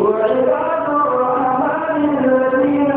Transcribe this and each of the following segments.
وعباد الرحمن الذين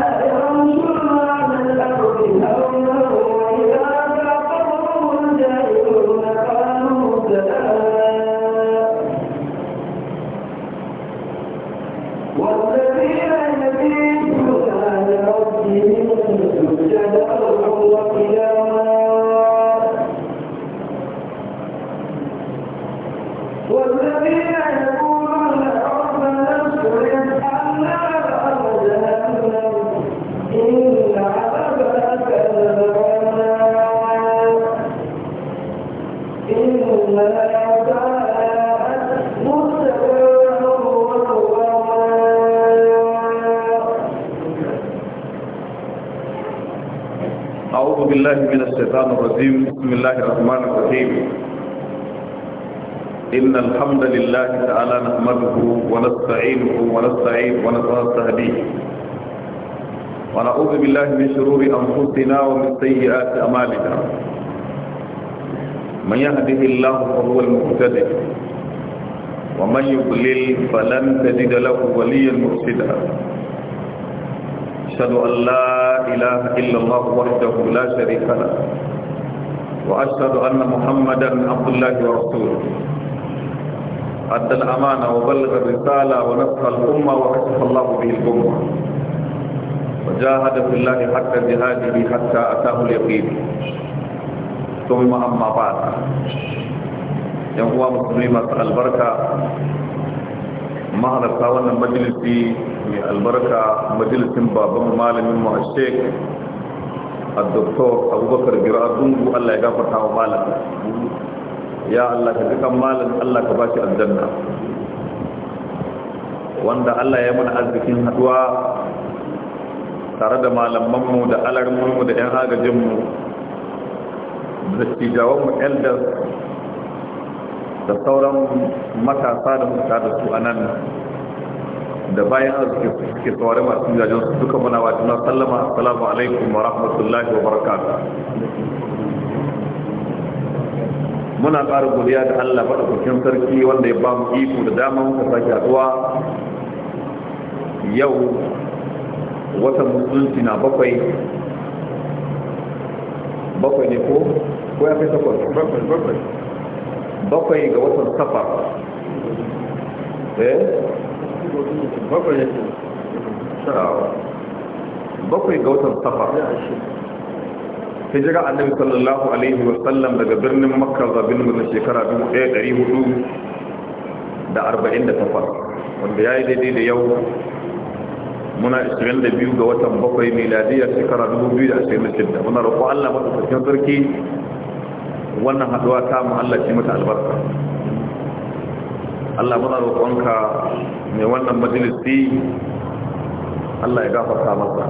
سيئات أمالنا من يهده الله فهو المهتد ومن يضلل فلن تجد له وليا مرشدا أشهد أن لا إله إلا الله وحده لا شريك له وأشهد أن محمدا عبد الله ورسوله أدى الأمانة وبلغ الرسالة ونصح الأمة وكشف الله به الأمة وجاهد في الله حتى جهاده حتى أتاه اليقين ثم أما بعد ينقوى مسلمة البركة مهلا تاوانا مجلسي من البركة مجلس بابا مالي من الشيخ الدكتور أبو بكر جرادونغو الله يغفر تاو مالا يا الله كتك مالا الله كباشي الجنة wanda Allah ya mana arzikin haduwa tare da malamanmu da alarmanmu da 'yan mu da cijawanmu elders da sauran matasa da mutu da su a nan da bayan arziki suke saurin masu jajen su duka muna wa juna sallama assalamu alaikum wa rahmatullahi wa barakatuh muna ƙara godiya da Allah maɗaukakin sarki wanda ya ba mu iko da damar mu sake haɗuwa yau watan musulunci na bakwai bakwai ne ko ko ya fi takwas bakwai bakwai bakwai ga watan safar eh bakwai ne bakwai ga watan safar hijira annabi sallallahu alaihi wa sallam daga birnin makka zuwa birnin shekara 1448 wanda ya yi daidai da yau muna 22 ga watan bakwai miladiyar shekara 2026 muna roƙo Allah madaukakin sarki wannan haduwa ta mu Allah mata albarka Allah muna roƙonka mai wannan majalisi Allah ya gafarta masa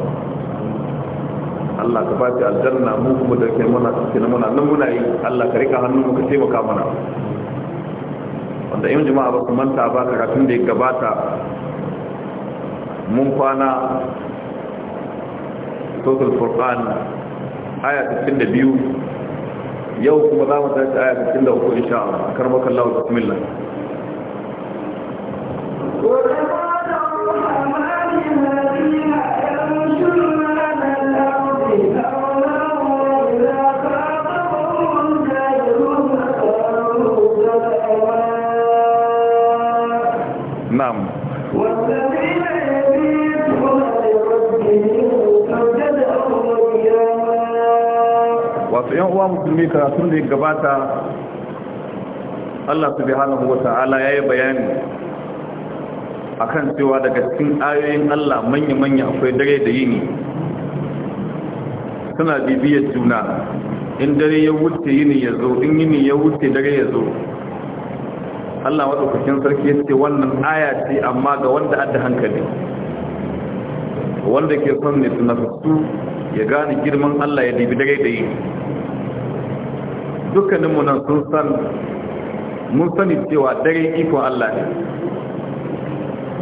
Allah ka bashi aljanna mu kuma da kai muna cikin muna nan muna yi Allah ka rika hannun mu ka taimaka mana wanda yin jama'a ba su manta ba karatun da ya gabata mun kwana sosai furkan aya 62 yau kuma za mu tashi aya 63 insha Allah karbakan lawa bismillah نعم والسلام to yan uwa musulmi karatun da ya gabata Allah subhanahu ya yi bayani A kan cewa daga cikin ayoyin Allah manya-manya akwai dare da yini suna bibiyar juna in dare ya wuce yini ya zo in yini ya wuce dare ya zo Allah maɗaukakin sarki ya ce wannan aya ce amma ga wanda adda hankali wanda ke son ne su nafastu ya gane girman Allah ya dibi dare da yini dukkaninmu nan sun san mun sani cewa dare ikon Allah ne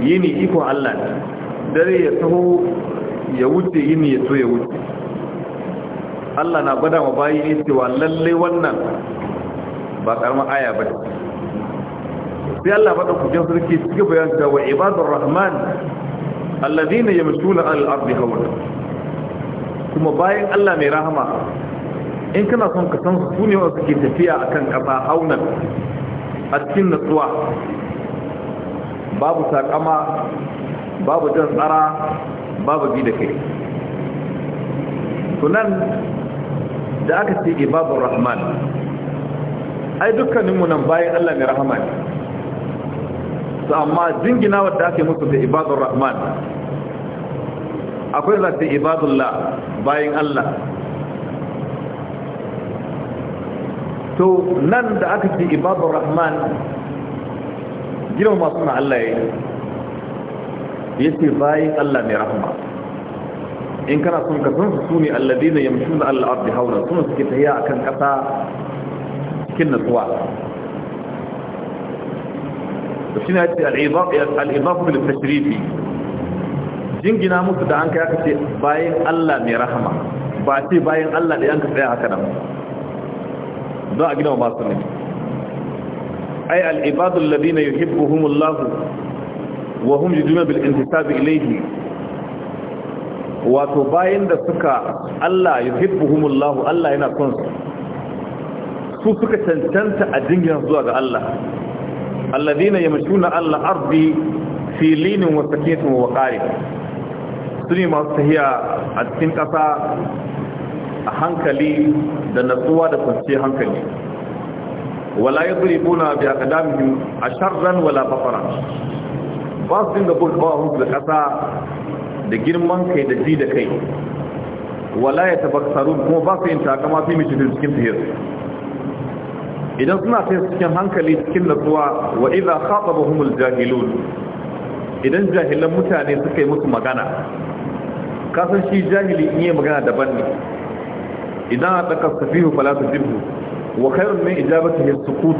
yini ikon Allah ne dare ya taho ya wuce yini ya so ya wuce Allah na gwada wa bayi ne cewa lallai wannan ba karamar aya ba sai Allah ba ɗaukacin sarki cikin bayan cewa ibadun rahman allazina yamshuna al-ardi hawla kuma bayan Allah mai rahama in kana son ka san su ne wanda suke tafiya a kan kafa haunan a cikin natsuwa babu sakama babu jan tsara babu bi da kai tunan da aka ce ibabun rahman ai dukkaninmu nan bayan allah mai rahama ne su amma jingina wadda ake musu da ibadun rahman akwai za su bayan allah to nan da aka ce ibadun rahman girma suna Allah ya ya ce bayan Allah mai rahama in kana sun ka sun su ne allabi na yamshi na Allah abdi haura suna suke tahiya a kan ƙasa cikin natsuwa da shi na ce al'izafu bil tashrifi jingina musu da an kai aka ce bayan Allah mai rahama ba ce bayan Allah da yanka tsaya haka nan don a gina wa masu ne ai al'ibadun ladina yi hibbuhumullahu wa hum jiduna bil intisabi ilaihi wato bayan da suka Allah ya hibbuhumullahu Allah yana son su suka cancanta a dingina zuwa ga Allah alladina yamshuna Allah arzi filinin linin wa sakinatin wa qari sune masu tahiya a cikin ƙasa. a hankali da natsuwa da kwanciyar hankali wala yadribuna bi aqdamihim asharran wala faqara ba su dinga burkawa da kasa da girman kai da ji da kai wala ya tabaksaru kuma ba su yin takama fi mai cikin fiyar idan suna sai cikin hankali cikin natsuwa wa idza khatabahumul jahilun idan jahilan mutane suka yi musu magana kasan shi jahili in yi magana daban ne idan a ɗaka safihu fala su jibhu wa khairun min ijabati his sukut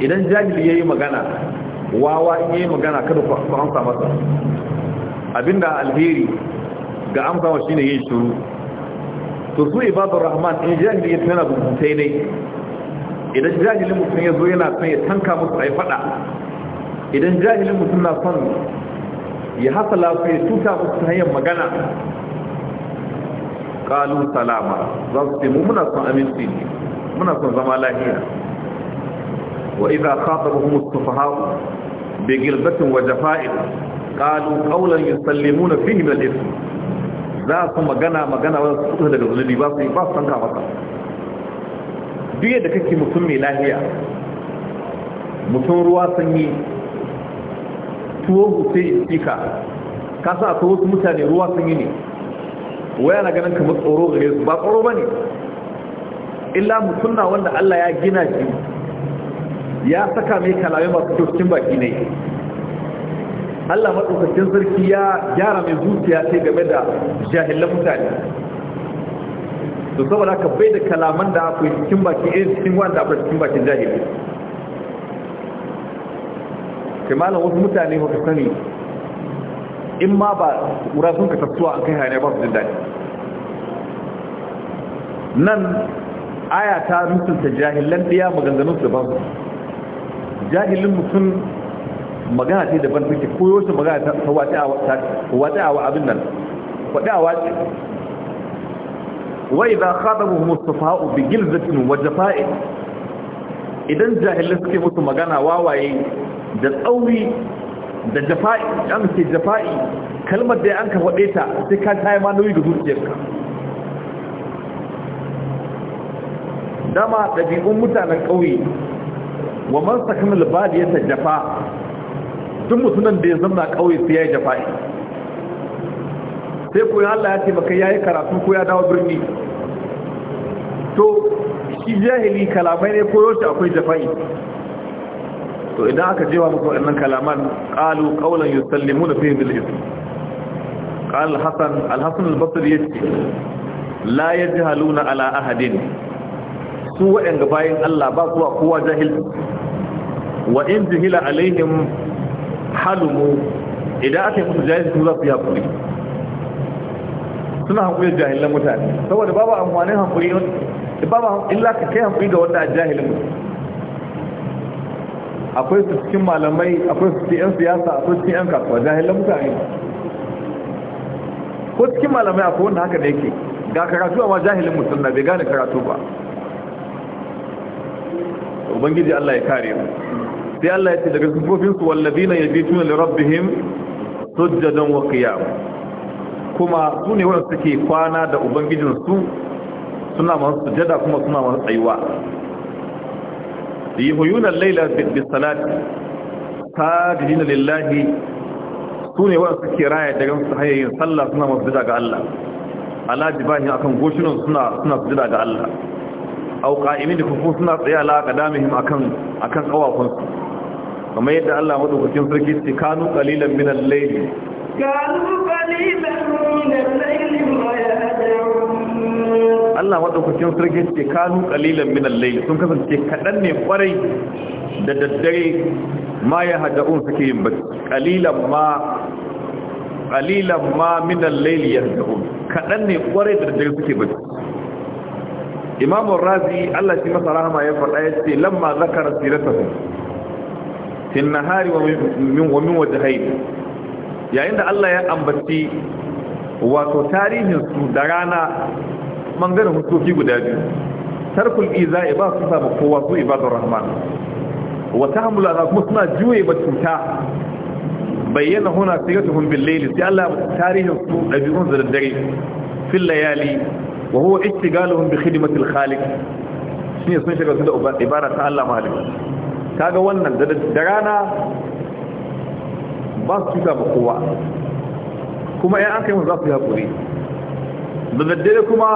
idan jahili yayi magana wawa in yayi magana kada ku amsa masa abinda alheri ga amsa wa shine yin shiru to su ibadur rahman in jahili ya tana buntai ne idan jahilin mutum ya zo yana son ya tanka musu ai fada idan jahilin mutum na son ya hasala su ya tuta musu ta hanyar magana kalu salama za su ce mu muna son aminci ne muna son zama lahiya wa idza khatabahum as sufaha bi gilbatin wa jafa'in qalu qawlan yusallimuna fihi min al-ithm za su magana magana wa su daga zulubi ba su ba su san ka masa duk yadda kake mutum mai lahiya mutum ruwa sanyi tuwo sai istika ka sa wasu mutane ruwa sanyi ne waya na ganin kamar tsoro gare su ba tsoro ba ne illa mutunna wanda Allah ya gina shi ya saka mai kalamai masu kyau cikin baki ne Allah maɗaukakin sarki ya gyara mai zuciya sai game da jahilan mutane to saboda ka bai da kalaman da akwai cikin baki irin eh, cikin wanda akwai cikin bakin jahili kai malam wasu mutane ba ka sani in ma ba ƙura sun ka tattuwa an kai hanyar ba su jin nan aya ta mutunta jahilan ɗiya maganganun su ba jahilin mutum magana ce daban take koyo shi magana ta wata awa abin nan faɗi a wace wa idan khadabu mustafa'u bi gilzatin wa jafa'in idan jahilin suke mutu magana wawaye da tsauri da jafa'i an ce jafa'i kalmar da an ka faɗe ta sai ka tayi ma nauyi ga zuciyarka dama ɗabi'un mutanen ƙauye wa man sakamil bali ya ta jafa duk mutumin da ya zama ƙauye sai ya yi jafa'i sai koyon Allah ya ce maka ya yi karatu ko ya dawo birni to shi jahili kalamai ne koyo shi akwai jafa'i to idan aka jewa musu waɗannan kalaman qalu qawlan yusallimuna fihi bil ism qala al-hasan al-hasan al-basri yace la yajhaluna ala ahadin su waɗanda bayan Allah ba kuwa, kowa jahil wa in jahila alaihim halumu idan aka yi musu jahil su za su yi hakuri suna hakuri jahilan mutane saboda babu amfanin hakuri babu illa ka kai hakuri ga wanda a jahilin mutum akwai su cikin malamai akwai su cikin 'yan siyasa akwai cikin 'yan kasuwa jahilan mutane ko cikin malamai akwai wanda haka da yake ga karatu amma jahilin mutum na bai gane karatu ba ubangiji Allah ya kare mu sai Allah ya ce daga sufofin su wallazina yabituna li rabbihim sujjadan wa qiyam kuma su ne wanda suke kwana da ubangijin su suna masu sujada kuma suna masu tsayuwa yuhyuna al bi bis-salati sajidina lillahi sune wa suke raya daga su yin sallah suna masjida ga Allah ala jibahin akan goshinan suna suna sujada ga Allah au qa'imin da kufu suna tsaye ala qadamihim akan akan kawafun su kuma yadda Allah madaukakin sarki ce kanu qalilan min al-layli kanu qalilan min al-layli ma yahdi Allah madaukakin sarki ce kanu ƙalilan minan laili. layl sun kasance kaɗan ne kwarai da daddare ma ya hada'un suke yin bacci Ƙalilan ma minan laili ya al-layl yahda'un ne kwarai da daddare suke bacci Imam Razi Allah shi masa rahama ya faɗa ya ce, lamma zakara siratuhum fi an-nahari wa min wa min yayin da Allah ya ambaci wato tarihin su da rana bangaren hukoki guda biyu tarkul iza'i ba su ba kowa su ibadur rahman wa tahmulu ala kuma suna juye ba cuta bayyana huna sigatuhum bil layli sai Allah ya tarihin su dabi'un da dare fil layali wa huwa istigaluhum bi khidmati al khaliq shine sun shiga su da ibara ta Allah malik kaga wannan da rana ba su cuta ba kowa kuma ya an kai mu za su yi hakuri da daddare kuma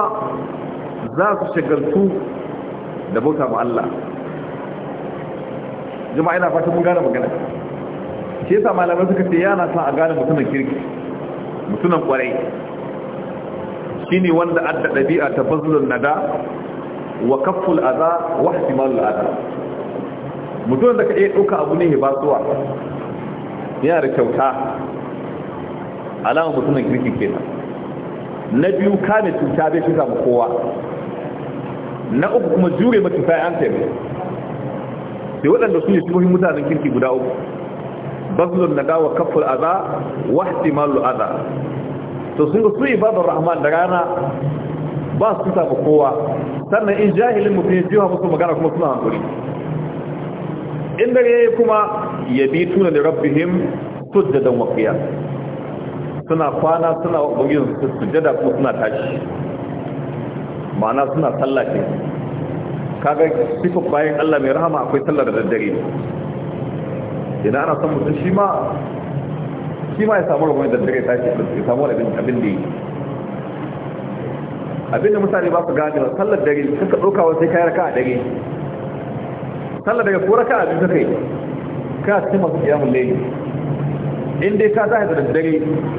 za su shagaltu da bauta ma Allah jama'a ina fata mun gane magana shi yasa malamai suka ce yana sa a gane mutumin kirki mutumin kwarai shi ne wanda adda dabi'a ta fazlun nada wa kafful adha wa ihtimalul adha Mutumin da ka iya ɗauka abu ne ba suwa yana da kyauta alama mutumin kirki kenan na biyu kame cuta bai shi samu kowa na uku kuma jure mutum sai an taimai Sai waɗanda su ne tsohon mutanen kirki guda uku bazlun na gawa kafin aza wa ihtimalu aza to sun ga su ibadar rahman da rana ba su samu kowa sannan in jahilin mutum ya jiwa musu magana kuma suna hankali in dare kuma ya bi tuna da rabbihim sujjadan waqiya suna kwana suna ubangijin su sujada ko suna tashi ma'ana suna sallah ce kaga sifar bayan Allah mai rahama akwai sallar da daddare idan ana son mutum shi ma shi ma ya samu rabon daddare tashi ya samu wani abin da yi abinda mutane ba su gane ba sallar dare suka ɗauka wasu kayan raka a dare sallar daga ko raka a biyu suka yi ka ce masu kiyamun laifi in dai ka tashi da dare,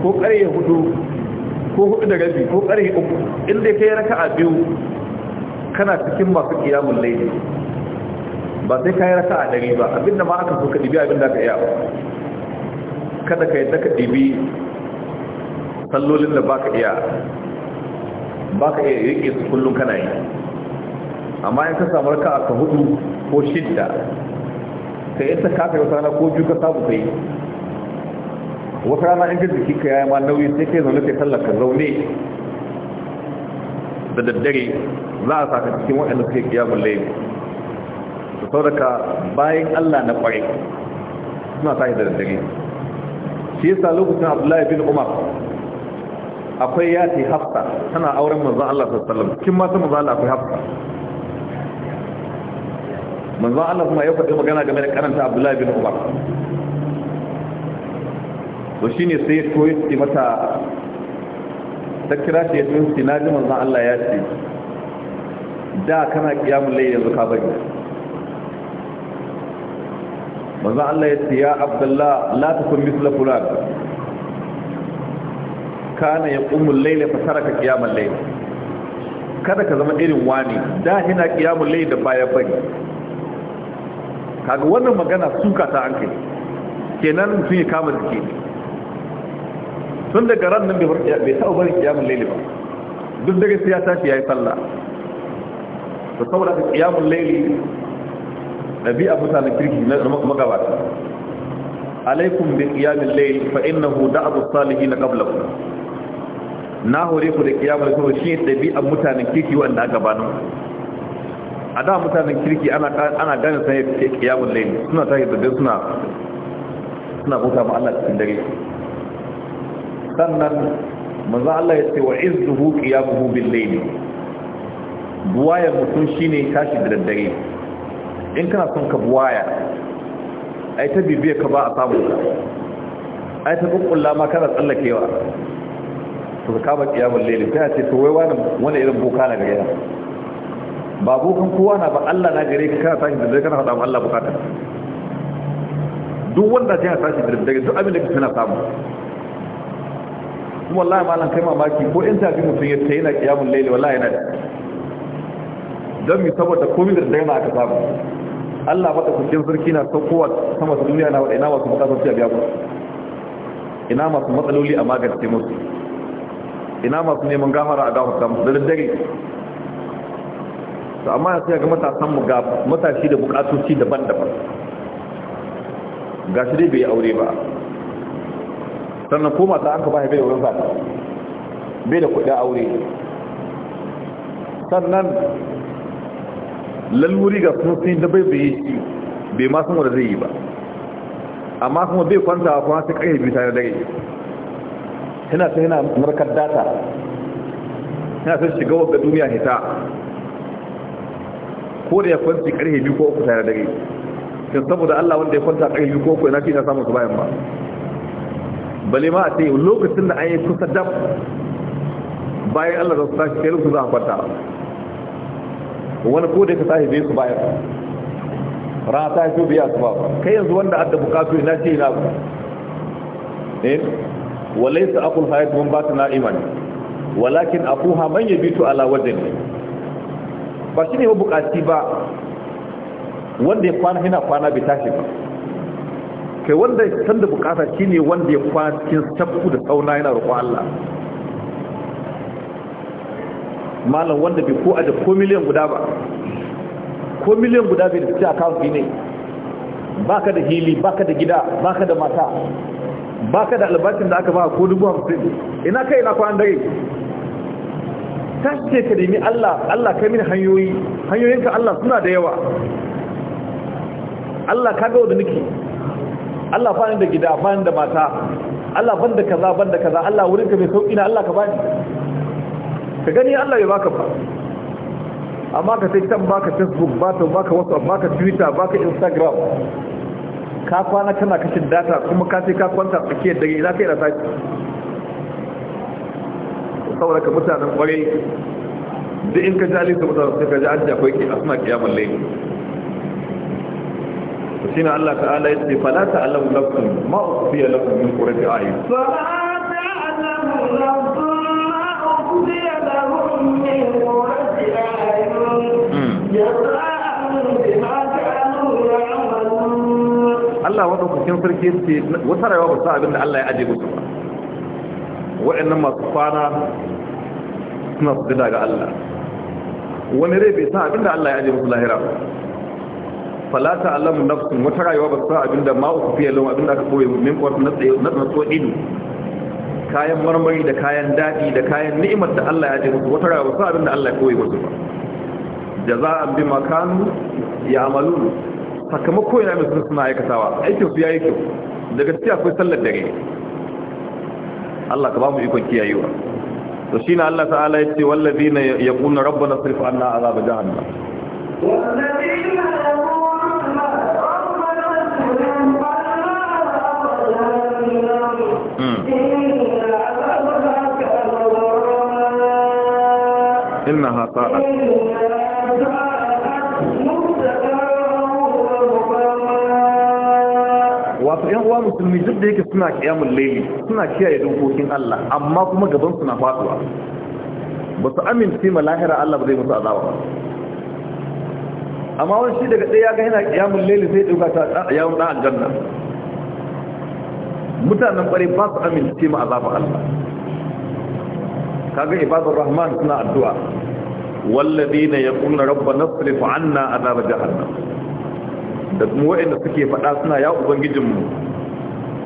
ko ƙarye hudu ko hudu da rabi ko ƙarye uku in dai ka yi raka a biyu kana cikin masu kiyamun laifi ba sai ka yi raka a dare ba abinda ma aka so ka ɗibi abinda ka iya kada ka yadda ka ɗibi sallolin da ba ka iya ba ka iya yake su kullum kana yi amma in ka samu raka a ka hudu ko shidda yi ta kafa kai wata ko biyu ka samu kai wata rana in ga jiki ya yi ma nauyi sai kai zaune kai sallar ka zaune da daddare za a saka cikin waɗanda suke bulle ne su sauraka bayan allah na ƙwarai suna tashi da daddare shi yasa lokacin abdullahi bin umar akwai ya ce hafta tana auren manzan allah sassalam cikin mata manzan allah akwai hafta manzan allah kuma ya faɗi magana game da karanta abdullahi bin umar to ne sai ya koyi ce mata ta kira shi ya tun shi na ji manzon Allah ya ce da kana kiyamun lai yanzu ka bari manzon Allah ya ce ya Abdullah la takun misla fulan kana yaqumul layla fa taraka qiyamal layl kada ka zama irin wani da ina qiyamul layl da baya bari kaga wannan magana suka ta an kai kenan mutum ya kama jiki tun daga ran nan bai taɓa barin kiyamun laili ba duk daga siyasa ya ya yi sallah da saboda ka kiyamun laili a mutanen kirki na magabata alaikun bi kiyamun laili fa innahu da'bu abu Salihi na Na hore ku da qiyamul layl shi ɗabi'a mutanen kirki wanda aka banu a da mutanen kirki ana ana gane sai kiyamun laili suna ta da suna suna bauta ma Allah cikin dare sannan maza Allah ya ce wa izzuhu qiyamuhu bil layl buwaya mutum shine tashi da daddare in kana son ka buwaya ai ta bibiya ka ba a samu ka ai ta kukkulla ma kana tsallakewa to ka kama qiyamul layl kai ce to wai wani wani irin boka na gare ba bokan kowa na ba Allah na gare ka kana tashi da daddare kana faɗa wa Allah bukatar duk wanda ya tashi da daddare duk abin da kana samu kuma ya malam kai mamaki ko in tafi mutum ya ta yana kiyamun laili wallahi yana da don mi saboda komai da daina aka samu Allah mata kukin sarki na saukowa sama su duniya na ina masu bukatar su biya ina masu matsaloli a magance musu ina masu neman gafara a gafarta musu da daddare to amma sai ga matasan mu ga matashi da bukatoci daban-daban Ga shi dai bai aure ba sannan koma ta an ka bai bai wurin zata bai da a aure sannan lalluri ga sun sun da bai bai shi bai masu wanda zai yi ba amma kuma bai kwanta a kuma sai kai bi ta dare yana ta yana narkar data yana ta shiga wadda duniya hita ko da ya kwanci karhe biyu ko uku tare dare kan saboda Allah wanda ya kwanta karhe biyu ko uku yana fi na samun su bayan ba bale ma a ce lokacin da an yi kusa dab bayan Allah da su tashi sai lokacin za a kwanta wani ko da ka tashi bai su bayan rana ta fi biya su ba kai yanzu wanda adda bukatu ina ce ina ku eh walai sa akul hayat mun bata na iman walakin akuha man yabitu ala wajhi ba shi ne bukati ba wanda ya kwana yana kwana bai tashi ba kai wanda ya san da bukata ne wanda ya kwana cikin da tsauna yana roƙon Allah malam wanda bai ko aje ko miliyan guda ba ko miliyan guda bai da a kawo ne baka da hili baka da gida baka da mata baka da albashin da aka ba ko dubu hamsin ina kai ina kwan dare ta ce ka nemi Allah Allah kai mini hanyoyi hanyoyinka Allah suna da yawa Allah ka ga wanda nake Allah fa da gida fa da mata Allah ban da kaza ban da kaza Allah wurin ka mai sauki na Allah ka bani ka gani Allah ya baka fa amma ka sai can baka facebook baka baka whatsapp baka twitter baka instagram ka kwana kana kashin data kuma ka sai ka kwanta tsakiyar dare ina kai da sati saboda ka mutanen kwarai duk in ka ji su mutanen sai ka ji an jafai ke asma kiyamar laifin shi ne Allah ta'ala ya ce fala ta'lamu lakum ma ukhfiya lakum min qurrati a'yun hmm. Allah wadda kusurkin sarki ce wata rayuwa ba sa abin da Allah ya aje musu ba wa'annan masu kwana suna su ga Allah wani rai bai sa abin da Allah ya aje musu lahira ba falata alamu nafsu wata rayuwa ba sa abinda ma uku fiye lawan abinda aka koya min wasu na tso ido kayan marmari da kayan daɗi da kayan ni'imar da Allah ya ji musu wata rayuwa ba sa abinda Allah ya koyi wasu ba jaza'an bi makanu ya amalu sakamako yana mai sun suna aikatawa aikin su yayi kyau da gaskiya akwai sallar dare Allah ka ba mu ikon kiyayewa to na Allah ta'ala ya ce wallazina yaquluna rabbana sirf anna azab jahannam والذين يقولون إنها طاعت wato ‘yan uwa musulmi duk da yake suna kiyamun laili suna kiyaye dokokin Allah amma kuma gaban suna faduwa ba su amince ma lahira Allah ba zai musu azawa ba amma wani shi daga ɗaya ga yana kiyamun laili sai ɗauka ta yawon ɗan aljanna mutanen ƙware ba su amince ma azaba Allah kaga ibadar rahman suna addu'a ya rabba na ربنا اصرف na عذاب jahannan. da kuma wa'inda suke faɗa suna ya ubangijinmu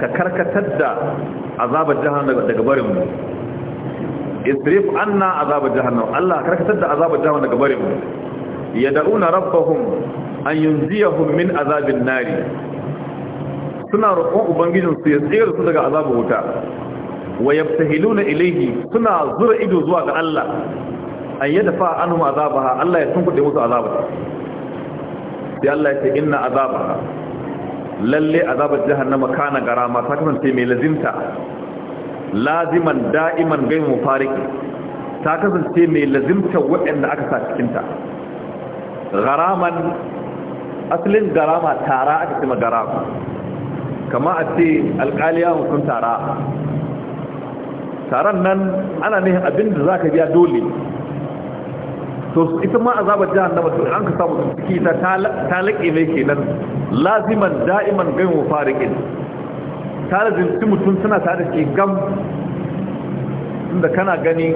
ka karkatar da azabar jahannan daga barinmu isrif na azabar jahannan. Allah karkatar da azabar jahannan daga barinmu Ya yad'una rabbahum an yunziyahum min azabin nari suna roƙon ubangijinsu ya tsere su daga azabin wuta wa hiluna ilayhi suna zura ido zuwa ga Allah an yi dafa azaba ha, Allah ya tunkuɗe musu azaba sai Allah ya ce inna azabaha lalle azabar jahannama kana garama ta kasance mai lazimta laziman da'iman gaimu mufariki ta kasance mai lazimta waɗanda aka sa cikinta garaman asalin garama tara aka cima garama kama a ce alƙaliya mutum tara taron nan ana nihin abinda za ka biya dole to ita ma azabar jahannama to an ka samu ciki ta ta laƙe mai kenan laziman da'iman gain wafarikin tare da jinsi mutum suna tare da ke gam inda kana gani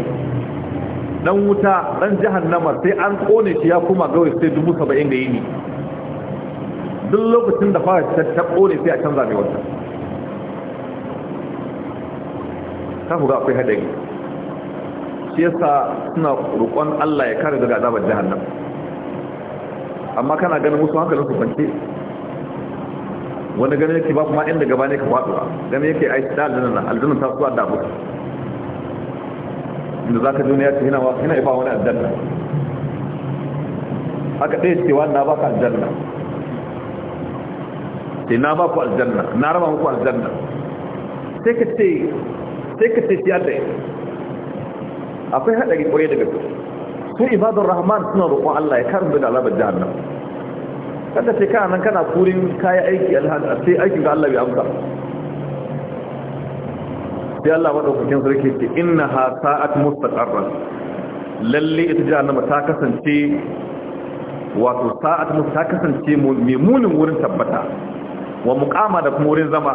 dan wuta dan jahannama sai an kone shi ya kuma gawai sai dubu saba'in da ne duk lokacin da fara ta kone sai a canza mai wata ta fuga akwai hadari shi yasa suna roƙon Allah ya kare daga azabar jahannam amma kana ganin musu hankalin su fanke wani ganin yake ba kuma inda gaba ne ka faɗo ganin yake ai da aljanna aljanna ta zuwa da abu inda zaka duniya ce yana yana ifa wani aljanna Haka ɗaya cewa na baka aljanna sai na ba ku aljanna na raba muku aljanna sai ka ce sai ka ce ya da akwai haɗari ƙwarai daga gaske su ibadun rahman suna roƙon Allah ya karin daga azabar jahannam kada ce kana nan kana kurin kaya aiki alhada sai aikin ga Allah bai amsa sai Allah madaukakin sarki ce inna ha sa'at mustaqarran lalle ita jahannama ta kasance wato sa'ad sa'at ta kasance mai munin wurin tabbata wa muqama da kuma wurin zama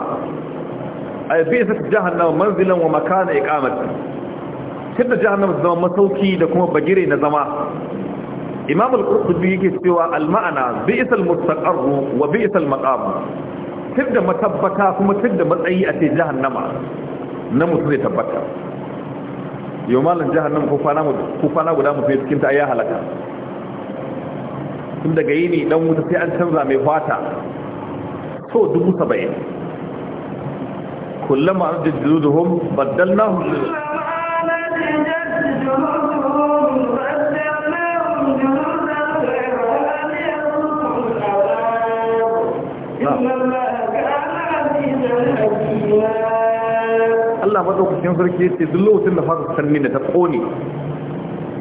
ay bi sa jahannama manzilan wa makana iqamati kada jahannama zama masauki da kuma bagire na zama imam al-qurtubi yake cewa al-ma'ana bi'sal mustaqarr wa bi'sal maqam tidda matabbaka kuma tidda matsayi a ce jahannama na mutum zai tabbata yau malam jahannama ko kwana ko kwana guda mutum cikin ta ya halaka tun daga yini dan wuta sai an canza mai fata so dubu 70 kullama arjidu duhum baddalnahum Allah maɗaukacin sarki ce duk lokacin da fata sanni da ta ƙone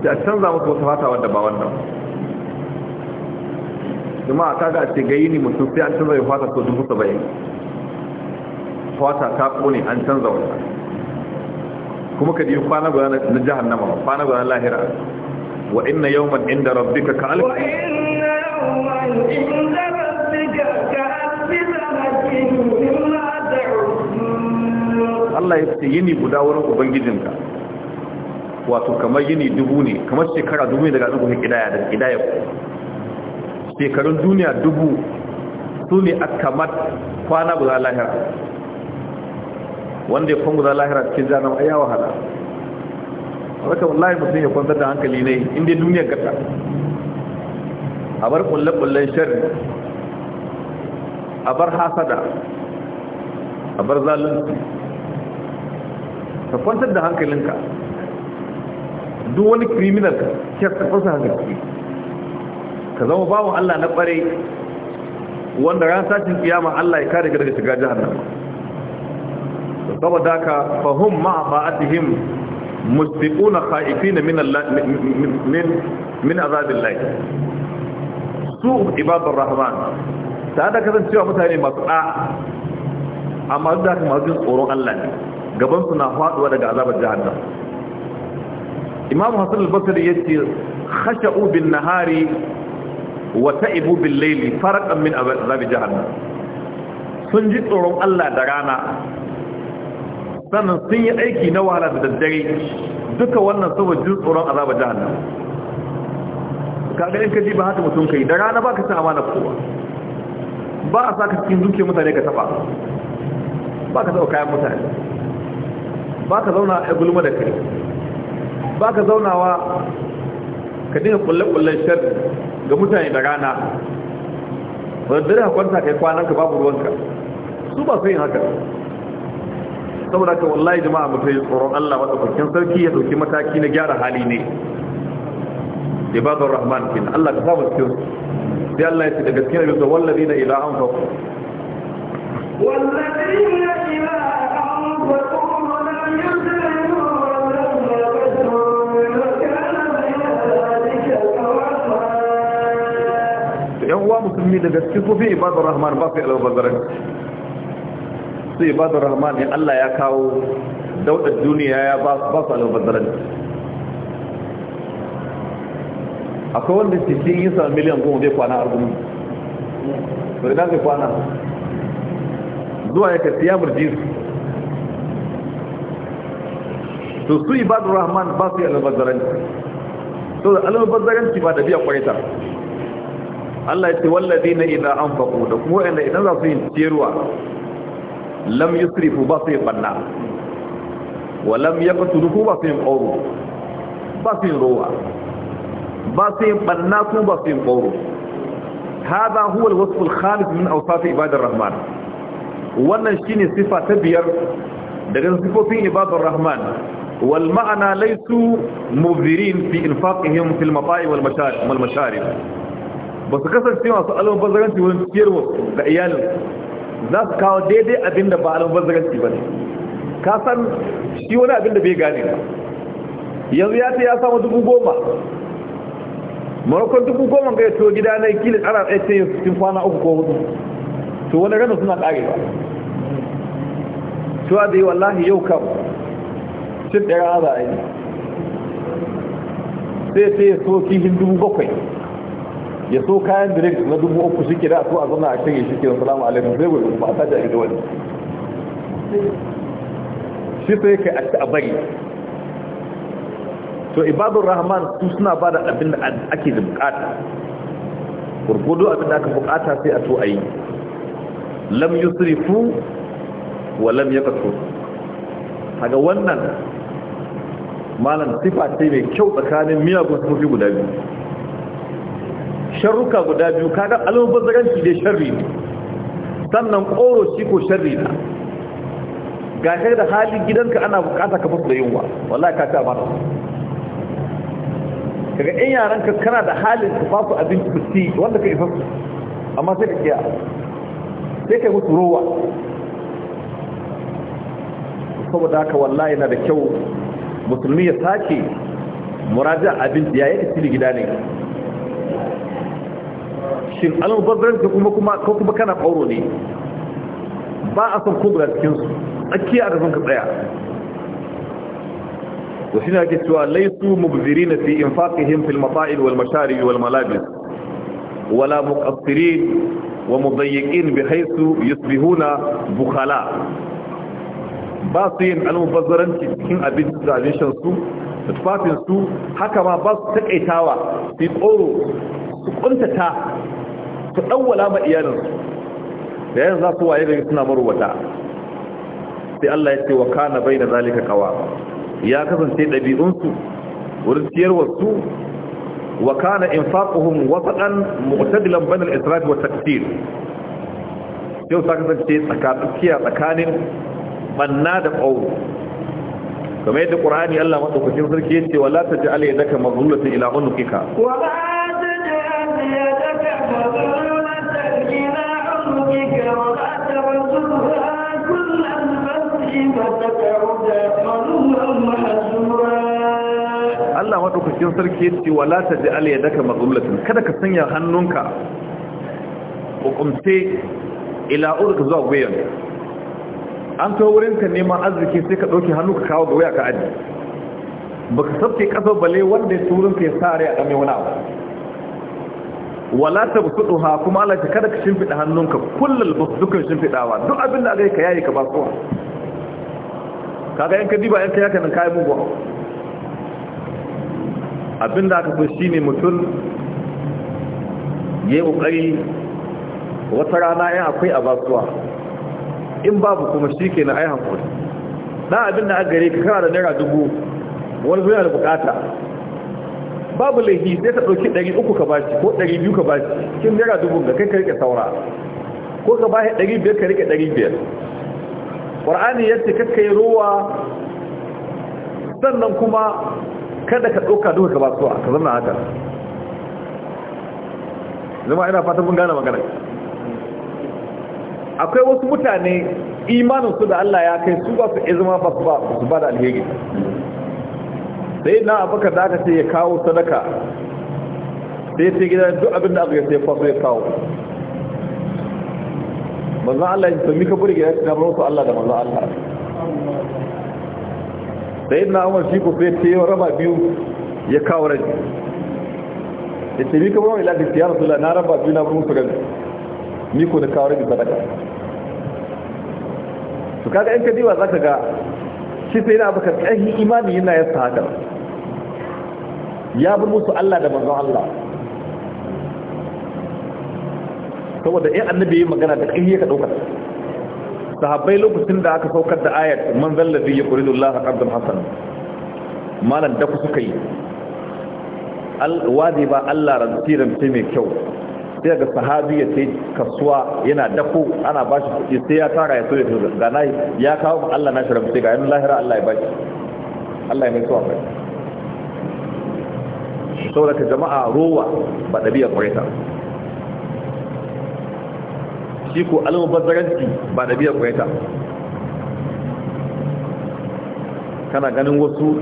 da a canza mata wata fata wadda ba wannan jama'a kaga a ce gayi ne mutum sai an canza ya fata so dubu saba'in fata ta ƙone an canza wata kuma ka ji kwana guda na nama kwana guda lahira wa inna man inda rabbi ka alfa wa inna inda Allah ya ce yini guda wurin ubangijinka wato kamar yini dubu ne kamar shekara dubu ne daga ne kidaya da kidaya shekarun duniya dubu su ne a kamar kwana guda lahira wanda ya kwan guda lahira cikin janar a yawa hada wadda wallahi mutum ya kwanzar da hankali ne inda duniya gata a bar kulle-kullen shari a bar hasada a bar zalunci ka kwantar da hankalinka duk wani criminal ke ka kwantar hankalinka ka zama bawon Allah na kware wanda ran sashin kiyama Allah ya kare ka daga shiga jahannama saboda ka fahum ma ba'atihim mustiquna khaifina min Allah min min azabillah su ibadur rahman ta da kasancewa mutane masu da amma duk da masu tsoron Allah ne gaban su na faduwa daga azabar jahannam imamu hasan al-basri yace khasha'u bin nahari wa ta'ibu bil layli farqan min azab jahannam sun ji tsoron Allah da rana sannan sun yi aiki na wahala da daddare duka wannan saboda jin tsoron azabar jahannam kaga in ka ji ba haka mutum kai da rana baka san amana kowa ba a saka cikin dukiyar mutane ka taba ba ka taba kayan mutane ba ka zauna a gulma da kai ba ka zaunawa ka dinga kulle-kullen shar ga mutane da rana wadda dare kwanta kai kwananka babu ruwanka su ba sai haka saboda ka wallahi jama'a mutai tsoron Allah wadda kwakin sarki ya dauki mataki na gyara hali ne ibadar rahman kin Allah ka samu cikin sai Allah ya ce daga cikin abin da wallazi na ila an faku wallazi na ila an faku uwa musulmi daga cikin sufi ibadar rahman ba su yi albazarar su ibadar rahman ne allah ya kawo daudar duniya ya ba su albazarar akwai wanda cikin yin sa miliyan goma zai kwana arzumi to idan zai kwana zuwa ya kasi ya murji to su ibadu rahman ba su yi almubazzaranci to da almubazzaranci ba da biya kwaita Allah ya ce wallazi na idan an faku da kuma wa'anda idan za su yi ciyarwa lam yusrifu ba su yi banna wa lam yaqtulu ku ba su yi qawru ba su yi rowa ba su yi banna ku ba su yi qawru hada huwa alwasf alkhalis min awsaf ibad arrahman wannan shine sifa ta biyar daga sifofin ibad arrahman wal ma'ana laysu mubdirin fi infaqihim fil mata'i wal masharib wal ba su kasance masu alamun bazaranci wurin ciyarwa ga iyalin za su kawo daidai abinda ba alamun ba ne ka san shi wani abinda bai gane ba yanzu ya ce ya samu dubu goma marakon dubu goma ga yato gida na kila ana tsaye ce cikin kwana uku ko hudu to wani ranar suna ƙarewa cewa da yi wallahi yau kam mutum ɗaya za a yi sai sai ya so kihin dubu bakwai ya so kayan direk na dubu uku shi ke da su a zama a shirya shi ke da salamu alaikum zai wuri ba a tashi a da wani shi sai kai a a bari to ibadun rahman su suna ba da abin da ake da bukata gurgudu abin da aka bukata sai a to a yi lam yusrifu wa lam yakatu kaga wannan malam sifa ce mai kyau tsakanin miyagun sufi guda biyu sharruka guda biyu kaga almubazzaranci dai sharri ne sannan ƙoro shi ko sharri na ga kai da hali gidanka ana bukata ka fasu da yunwa wallahi ka ta ba kaga in yaran ka kana da halin ka fasu abinci ku ci wanda ka ifa amma sai ka kiya sai yi musu rowa saboda haka wallahi na da kyau musulmi ya sake muraja abin ya yi cikin gida ne shin almubazzaranci kuma kuma ko kuma kana ƙauro ne ba a son kubra cikin su tsakiya da sun ka tsaya wa shi ne ake cewa laisu mubzirina fi infaqihim fil mata'il wal mashari wal malabis wala muqassirin wa mudayyiqin bihaythu yusbihuna bukhala ba su yin almubazzaranci cikin abinci da abinshan su da tufafin su haka ma ba su taƙaitawa su yi tsoro su ƙuntata su ɗauwala ma iyalinsu da yayin za su waye daga suna marubata sai Allah ya ce wa kana bai da zalika kawa ya kasance ɗabi'unsu wurin siyarwar su. wa kana infaquhum wasaqan mu'tadilan bainal israf wa taqdir yau ta kasance tsakatsakiya tsakanin banna da ƙau. kamar yadda ƙur'ani Allah maɗaukakin sarki yace wala taj'al yadaka maghlulatan ila unuqika wala taj'al yadaka maghlulatan ila unuqika wala tabsuha kullal basti fataqud maluman mahsura Allah maɗaukakin sarki yace wala taj'al yadaka maghlulatan kada ka sanya hannunka hukumce ila unuqika zuwa gwiwanka an to wurin ka neman arziki sai ka ɗauki hannu ka kawo ga waya ka aji ba ka sabke ƙasar bale wanda ya turin ka ya sa rai a dame wani abu wala ta busuɗu ha kuma Allah ka kada ka shimfiɗa hannunka kullum ba su dukkan shimfiɗawa duk abin da aka yi ka yayi ka ba kowa kaga yan ka diba yan ka yaka nan kayi mugu abin da aka so shi ne mutum ya yi ƙoƙari wata rana yan akwai a basuwa in babu kuma shi ke na aihan hankali na abin da agare ka kara da naira dubu wani zuwa da bukata babu laifi sai ka ɗauki ɗari uku ka bashi ko ɗari biyu ka bashi kin naira dubu ga kai ka rike saura ko ka bashi ɗari biyar ka rike ɗari biyar ƙwar'ani ya ce kakka ruwa sannan kuma kada ka ɗauka duka ka ba suwa ka zama haka zama ina fata mun gane magana akwai wasu mutane imanin su da Allah ya kai su ba su izma ba su ba su ba da alheri sai na abaka da aka ce ya kawo sadaka sai ce gida duk abin da aka yi sai kwaso ya kawo manzan Allah ya sami ka burge ya na su Allah da manzan Allah sai na umar shi ku sai ce raba biyu ya kawo rai ya ce mika burge ya lafi siyar na raba biyu na burge su gani ni ko da kawo rai sadaka su kaga in ka za zaka ga shi sai na baka tsahi imani yana yasta haka ya bi musu Allah da manzon Allah saboda in annabi yayi magana da kai ka dauka sahabbai lokacin da aka saukar da ayat man zallazi yuridu Allah qardan hasan malan da ku suka yi wadi ba Allah rantsi rantsi mai kyau sai ga sahabi ya ce kasuwa yana dako ana bashi kuɗi sai ya tara ya so ya tuzo ga nai ya kawo ma Allah na rabu sai ga yan lahira Allah ya bashi Allah ya mai so kai. saboda ka jama'a rowa ba ɗabi'a kwaita shi ko almubazzaranci ba ɗabi'a kwaita kana ganin wasu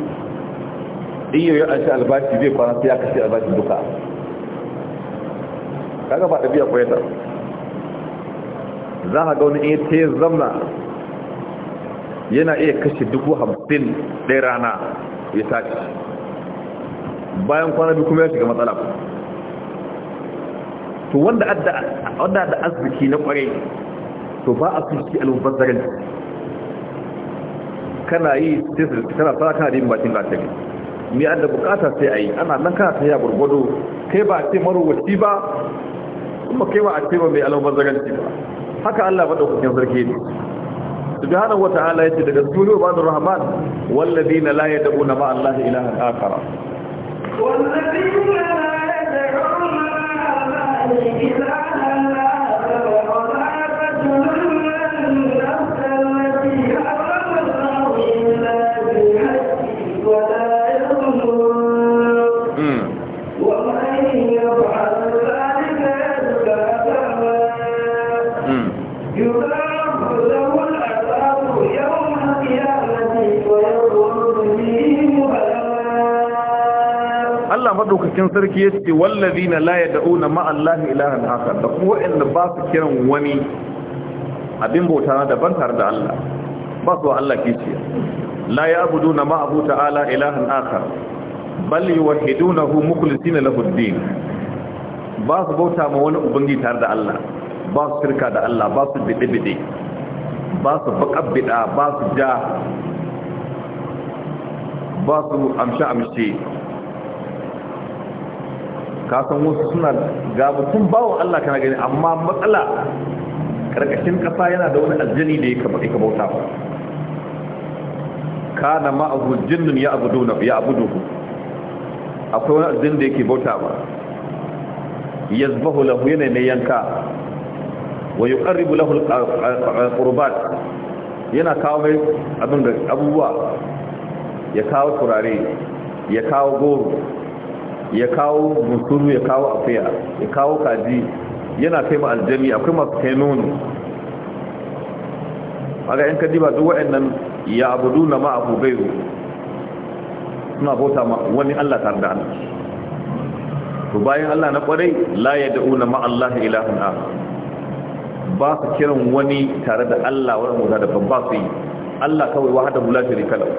in yi an shi albashi zai kwana sai ya kashe albashi duka kaga ba tabiya ko yadda za ka ga wani iya ta zamna yana iya kashe dubu hamsin ɗaya rana ya tashi bayan kwana biyu kuma ya shiga matsala to wanda adda da arziki na kwarai to ba a suci alubazzarin kana yi sai su kana fara kana da yin bakin gatari mai adda bukata sai a yi ana nan kana ta yi a gurgudu kai ba ce marowaci ba kuma kai ba a ce ba mai almubazzaranci ba haka Allah ba daukakin sarki ne subhanahu wata'ala yace daga sunu ibadur rahman walladina la yad'una ma Allah ilahan akhar walladina la yad'una ma Allah ilahan madaukakin sarki yace wallazina la yad'una ma'a allahi ilahan akhar da kuma wanda ba su kiran wani abin bauta na daban tare da Allah ba su Allah kishiya. la ya'buduna ma'a hu ta'ala ilahan akhar bal yuwahhidunahu mukhlisina lahu ad-din ba su bauta ma wani ubangi tare da Allah ba su shirka da Allah ba su bidibide ba su bakabbida ba su ja ba su amsha amshe kasan wasu suna ga mutum bawon Allah kana gani amma matsala karkashin kasa yana da wani aljani da ya bauta ba na ma'ahu jinnun ya duna ya duhu akwai wani aljin da yake bauta ba yazbahu lahu yana mai yanka wa yuqarribu lahu al-qurbat yana kawo mai abin da abubuwa ya kawo turare ya kawo goro ya kawo musulmi ya kawo afiya ya kawo kaji yana kai ma aljami akwai masu kai nono aga yan kadiba duk waɗannan ya abudu na ma'abu ru suna bauta wani Allah tare da Allah to bayan Allah na kwarai la ya da'una ma Allah ilahan akhar ba su kiran wani tare da Allah wani mota da ban ba su yi Allah kawai wahada mula shirika lau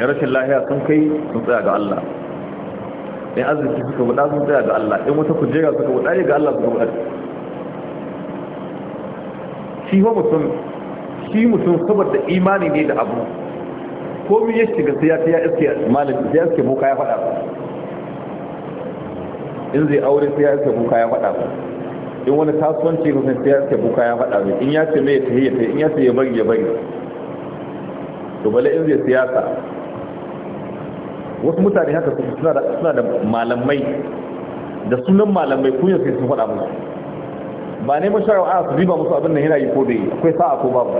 ya rashin lahiya sun kai sun tsaya ga Allah in arziki suka wuɗa sun tsaya ga Allah in wata kujera suka buɗa ne ga Allah suka buɗa shi ho mutum shi mutum saboda imani ne da abu ko mi ya shiga sai ya ta ya iske malin sai ya iske boka ya faɗa in zai aure sai ya iske boka ya faɗa in wani kasuwanci ne sai ya iske boka ya faɗa in ya ce mai ya tahiyyata in ya ce ya bari ya bari to bale in zai siyasa wasu mutane haka suna da suna da malamai da sunan malamai kunya sai sun faɗa musu ba ne mashi a su riba musu abin nan yana yi ko dai akwai sa'a ko babu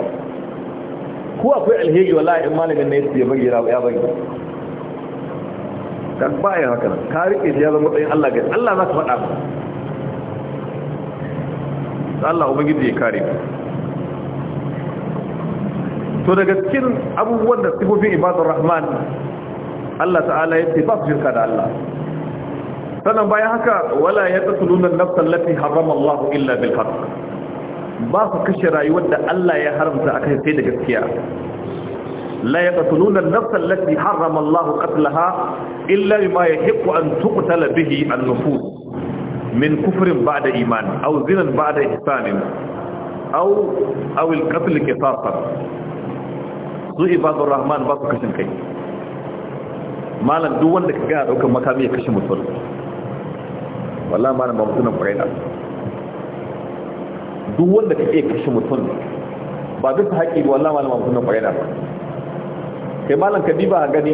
ko akwai alheri wallahi in malamin ne ya bari ya bage ka bayan haka ka rike shi ya zama matsayin Allah ga Allah za ka faɗa ba Allah ubangiji ya kare ka to daga cikin abubuwan da sifofin ibadur rahman Allah ta'ala ya ce ba su shirka da Allah sannan bayan haka wala ya tasuluna nafsa allati harrama Allah illa bil haqq ba su kashe rayuwar da Allah ya haramta akai sai da gaskiya la ya tasuluna nafsa allati harrama Allah qatlaha illa bima yahiqqu an tuqtala bihi an-nufus min kufrin ba'da iman aw zinan ba'da ihsan aw aw al-qatl qisasan su ibadur rahman ba su kashin kai malam duk wanda ka a daukar makami ya kashe mutum wallah malam ba mutunan kwarai na duk wanda ka iya kashe mutum ba duk da haƙi wallah malam ba mutunan kwarai na ba kai malam ka diba a gani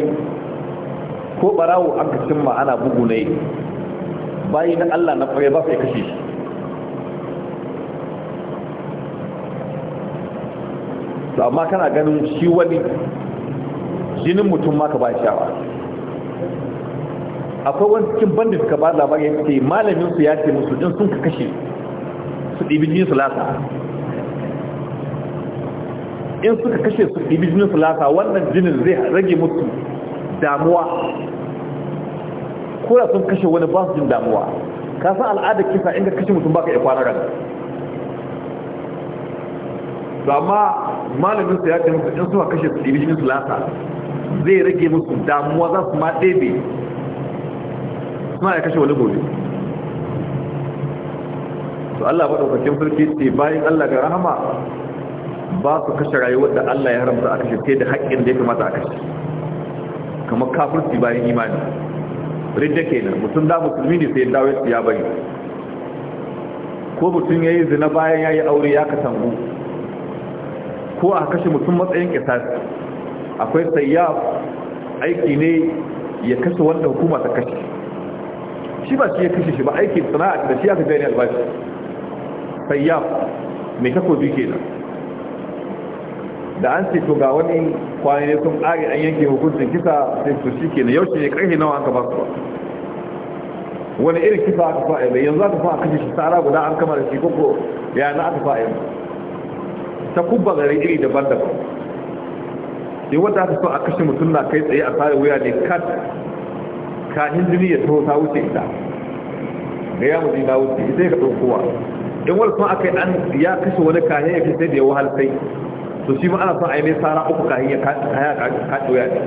ko barawo an ka cimma ana bugu ne bayi na Allah na kwaye ba su kashe shi to amma kana ganin shi wani jinin mutum maka ka ba shawa akwai wani cikin banda suka ba labari ya ce malamin su ya ce musu din sun ka kashe su ɗibi jinin su lasa in suka kashe su ɗibi jinin su lasa wannan jinin zai rage musu damuwa ko da sun kashe wani ba su jin damuwa ka san al'adar kisa in ka kashe mutum baka ya kwana ran to amma malamin su ya ce musu in suka kashe su ɗibi jinin su lasa zai rage musu damuwa za su ma ɗebe kuma ya kashe wani gobe to Allah ba daukakin sulki ce bayan Allah ga rahama ba su kashe rayuwar da Allah ya haramta a kashe sai da haƙƙin da ya kamata a kashe kamar kafirci bayan imani ridda kenan mutum da musulmi ne sai dawo ya bari ko mutum ya yi zina bayan ya yi aure ya katangu ko a kashe mutum matsayin kisas akwai sayyaf aiki ne ya kashe wanda hukuma ta kashe shi ba shi ya kashe shi ba aikin sana'a da shi aka gani albashi sayyaf mai takobi nan da an ce to ga wani kwani ne sun ƙari an yanke hukuncin kisa sai su shi na yau shi ne ƙarfi nawa aka ba su ba wani irin kisa aka fa'a mai yanzu aka fa'a kashe shi tsara guda an kama da shi koko ya na aka fa'a yanzu. ta kubba gari iri daban-daban sai wanda aka so a kashe mutum na kai tsaye a tsari wuya ne kat kahin jini ya to ta wuce ita ga ya mutu na wuce ita ya ɗaukowa in wani kuma aka yi an ya kashe wani kahin ya fi sai da ya wahal sai to shi ma ana son a yi sara uku kahin ya kaɗo ya ne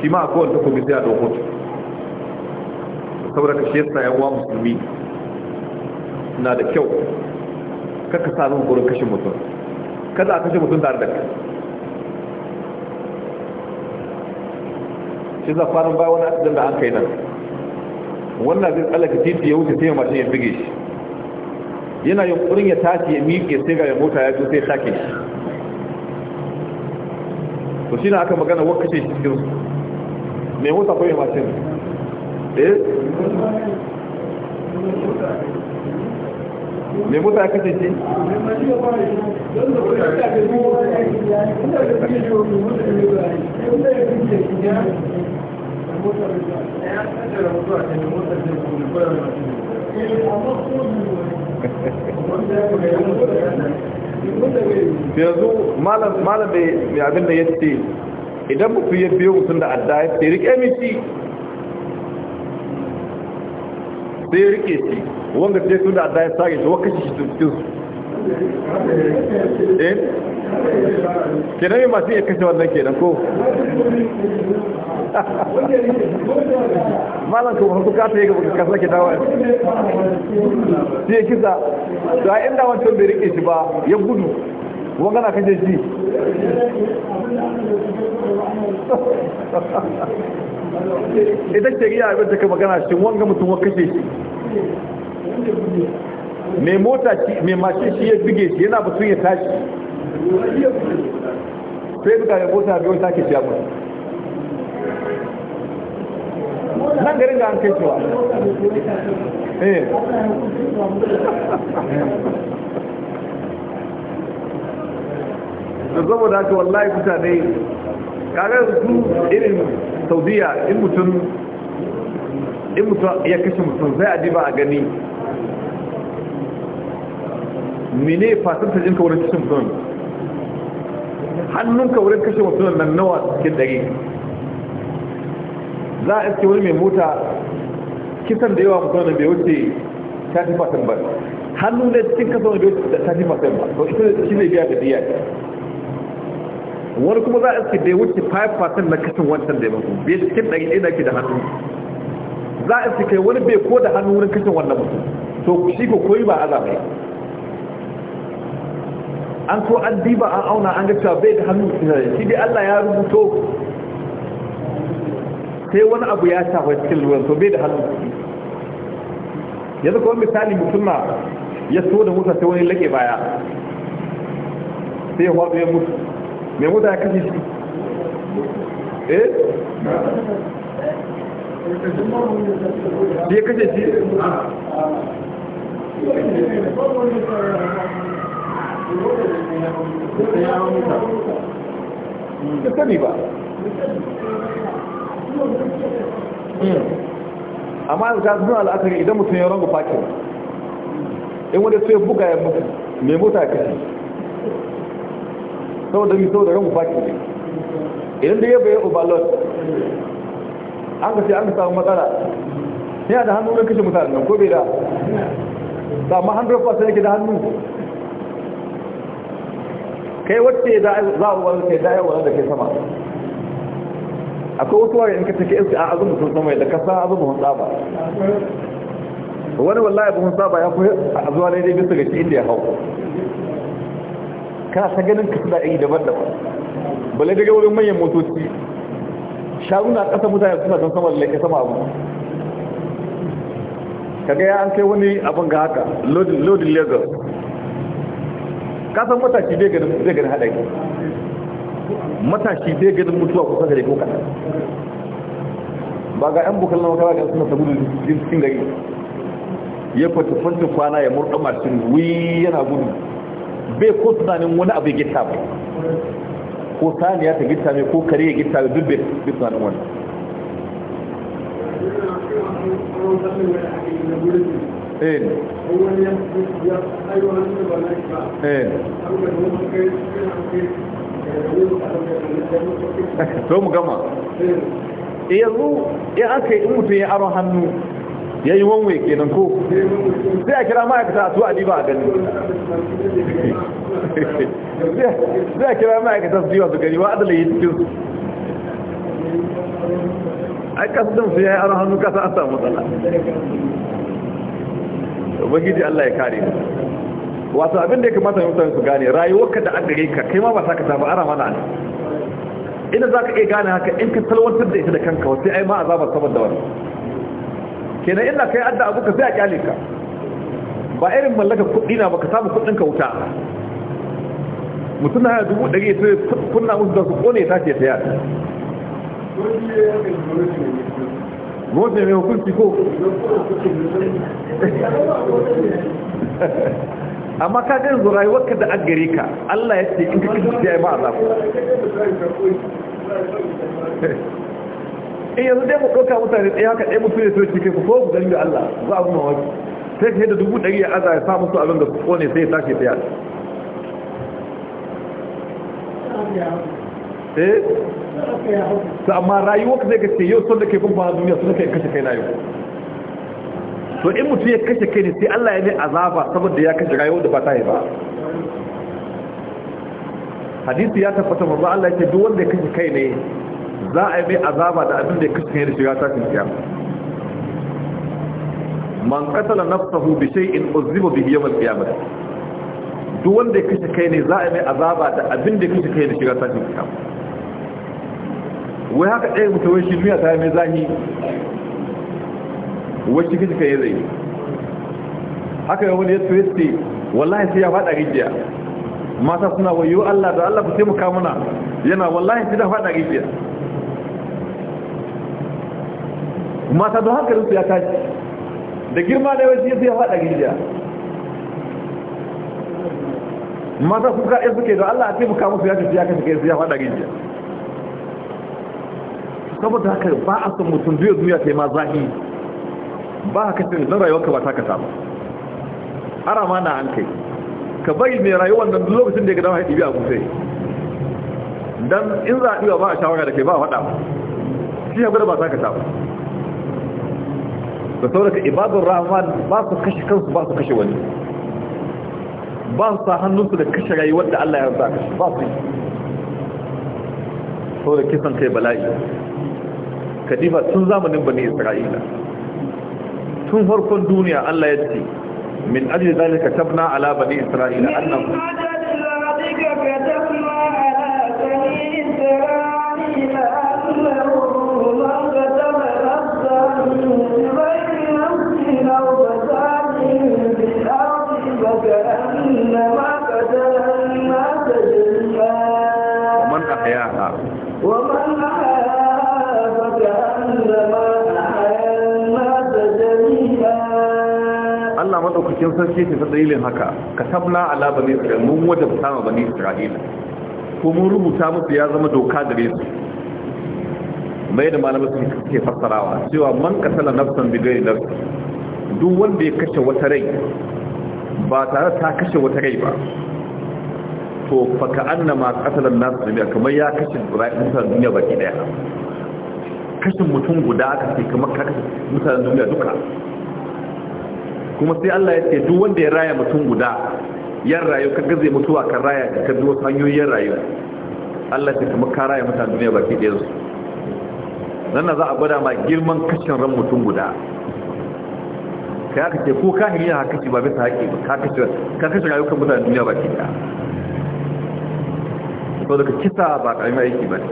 shi ma a kowane takobi sai a ɗauko saboda ka shi yasa wa musulmi na da kyau kakka sa zan gurin kashe mutum kada a kashe mutum tare da kai sai za fara baya wani asidan da an kai nan wannan zai tsallaka titi ya wuce sai mace ya buge shi yana yunkurin ya tashi ya miƙe sai ga mota ya zo sai take shi to shi na aka magana wakashe shi cikin mai mota ko mai mashin eh mai mota ya kashe shi yanzu malam mai abin da ya ce idan mutu ya biyo mutum da adda ya ce rike mishi sai ya rike shi wanda ce su da adda ya sage shi wakashi shi cikin su eh kenan yi masu iya kashe wannan kenan ko malam kuma hanku ka ta yi gaba ka sake dawa shi ya kisa to a inda wancan bai rike shi ba ya gudu wanga na kashe shi idan shari'a abin da ka magana shi wanga mutum wanka kashe shi mai mota mai mace shi ya zige shi yana batun ya tashi sai buga da mota bai ta ke shi ya mutu nan garin ga an kai cewa zama da saboda haka wallahi mutane kagar su irin saudiya in mutum in mutum ya kashe mutum zai aji ba a gani mene fasantar jinka wurin kashe mutum ka wurin kashe mutum nan nawa cikin ɗari za a iske wani mai mota kisan da yawa mutum da bai wuce ta fi fatan ba hannu ne cikin kasan da bai wuce ta fi fatan ba to ita shi ne biya da biya wani kuma za a iske da ya wuce 5% na kasan wancan da ya mutu bai cikin ɗari ɗaya na ke da hannu za a iske kai wani bai ko da hannu wurin kashin wannan mutum to shi ko koyi ba azamai an so an diba an auna an ga cewa bai da hannu shi dai Allah ya rubuto sai wani abu ya shafa cikin ruwan to bai da hannu yanzu kuma misali mutum na ya so da wuta sai wani lake baya sai ya ya mutu mai wuta ya kashe shi eh ya kashe shi ta sani ba Hmm. amma yanzu ta zuwa al'akari idan mutum ya rangu fakir in wanda sai buga ya mutu mai mota sau saboda miso saboda rangu fakir ne idan da ya bayan obalot an ka ce an ka samu matsala yana da hannu na kashe mutane nan ko bai da amma fasa yake da hannu kai wacce za a wani da ke da sama akwai wasu wari in ka take yanzu a azumin sun sama da kasa azumin hun tsaba wani wallahi abin hun tsaba ya fi a zuwa daidai bisa ga shi inda ya hau kana ta ganin kasu da yi daban-daban balai daga wurin manyan motoci shaguna ƙasa mutane suna don sama da laike sama abu kaga ya an kai wani abin ga haka lodin lagos kasan matashi zai gani haɗari matashi bai ganin mutuwa kusa gare ko kaɗan ba ga 'yan bukal na wakawa ga suna saboda cikin gari ya kwata fanta kwana ya murɗa mashin wuyi yana gudu bai ko tunanin wani abu ya gita ba ko saniya ta gita mai ko kare ya gita mai duk bai tunanin wani eh eh to mu gama eh, yanzu in aka yi mutu ya aron hannu ya yi wanwe kenan ko sai a kira ma'aikata a tuwa diba a gani sai a kira ma'aikata su diwa su gani wa adalai yi cikin su a don su ya yi aron hannu kasa an samu matsala ubangiji allah ya kare wasu abin da ya kamata mutane su gane rayuwarka da addare ka kai ma ba ta ka ba ana mana ne ina za ka iya gane haka in ka talwantar da ita da kanka wasu ai ma a zaba saboda wani kenan ina kai adda abu ka sai a kyale ka ba irin mallaka kuɗi na ba ka samu kuɗin ka wuta mutum na haya dubu ɗari ya kunna musu da su kone ta ce ta yada gwamnati mai hukunci ko amma ka ga yanzu rayuwarka da an gare ka Allah ya ce in ka kashi ya yi ma azabu in eh, yanzu dai mu ɗauka mutane ɗaya haka ɗaya mutum ne so shi ku ko ku gani da Allah za a kuma wani sai ka da dubu ɗari ya aza ya sa su abin da ku kone sai ya tashi ɗaya eh ta amma rayuwarka zai ka ce yau sun da ke bin ba duniya sun da ke kashe kai na yau to in mutum ya kashe kai ne sai Allah ya ne azaba saboda ya kashe rayuwar da ba ta yi ba hadisi ya tabbata manzo Allah yake duk wanda ya kashe kai ne za a yi mai azaba da abin da ya kashe kai da shiga tashin siya. man qatala nafsahu bi shay'in uzziba bihi yawm al-qiyamah duk wanda ya kashe kai ne za a yi mai azaba da abin da ya kashe kai da shiga tashin siya. wai haka ɗaya mutum shi duniya ta yi mai zahi wacce kici kai zai haka yau wani ya tsaye wallahi sai ya faɗa rijiya mata suna wayo Allah da Allah ku ka muna yana wallahi sai da faɗa rijiya mata da haka rinsu ya tashi da girma da yawanci sai ya faɗa rijiya mata ka ɗaya suke da Allah a taimaka musu ya tafi ya kashe kai sai ya faɗa rijiya saboda haka ba a san mutum duk duniya sai ma zahiri ba haka sai don rayuwarka ba ta kasa ba ara ma na an kai ka bari mai rayuwar nan lokacin da ya gada haɗi biya kusai don in za a ɗiwa ba a shawara da kai ba a faɗa ba shi haɓar ba ta kasa ba da sauraka ibadun rahman ba su kashe kansu ba su kashe wani ba su sa hannunsu da kashe rayuwar da Allah ya rasa kashe ba su yi sauraki kisan kai bala'i kadifa sun zamanin bane isra'ila tun farkon duniya Allah ya ce min ajli zalika tabna ala bani isra'ila annahu min ajli zalika katabna ala bani isra'ila ce ta dalilin haka ka tabna ala bani isra'ila mun wada sama bani isra'ila ko mun rubuta musu ya zama doka gare su mai da malama su ke fassarawa cewa man kasala nafsan bi gari nafsi duk wanda ya kashe wata rai ba tare ta kashe wata rai ba to fa ka annama kasala nafsan dunya kamar ya kashe mutanen duniya baki daya kashin mutum guda aka ce kamar ka kashe mutanen duniya duka kuma sai Allah ya ce duk wanda ya raya mutum guda yan rayu kaga zai mutuwa kan raya ka kaji wasu hanyoyin 'yan rayu Allah ya kuma ka raya mutane duniya baki ɗaya su nan za a gwada ma girman kashin ran mutum guda kai aka ce ko ka hanyar haka ce ba bisa haƙi ba ka rayu kan mutane duniya baki ɗaya ko daga kisa ba ƙaramin aiki ba ne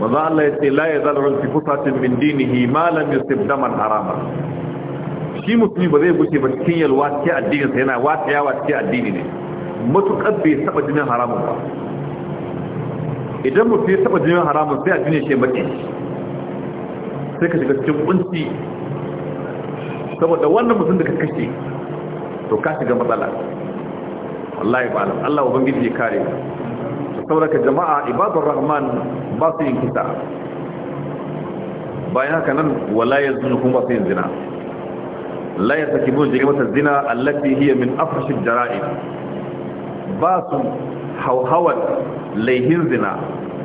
manzo Allah ya ce la yazalun fi fusatin min dinihi ma lam yusib daman harama shi musulmi ba zai gushe ba cikin yalwa cikin addinin sa yana wa cikin addini ne matukar bai saba jinin haramun ba idan mutum ya saba jinin haramun sai addinin shi mace sai ka shiga cikin kunci saboda wannan mutum da ka kashe to ka shiga matsala wallahi ba alam Allah ubangiji ya kare saboda jama'a ibadur rahman ba su yin kisa bayan haka nan wala yanzu kuma ba su yin zina la yasakibun jirimata zina allati hiya min afashin jara'im ba su hauhawar laihin zina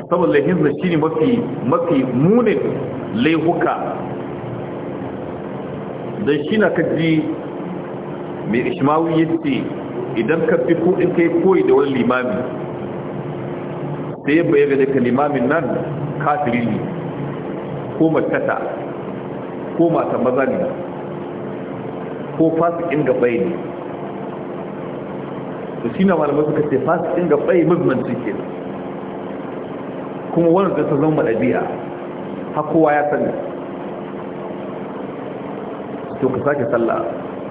saboda laihin zina shine mafi mafi munin laihuka dan shi na kaji mai ishmawi ce idan ka fi kudin kai koyi da wani limami sai ya bayyana ka limamin nan kafiri ne ko matata ko mata maza ne ko fasikin gabai ne da shi na malamai suka ce fasikin gabai movement ke kuma wani zai sazon malabiya hakowa ya sani to ka sake sallah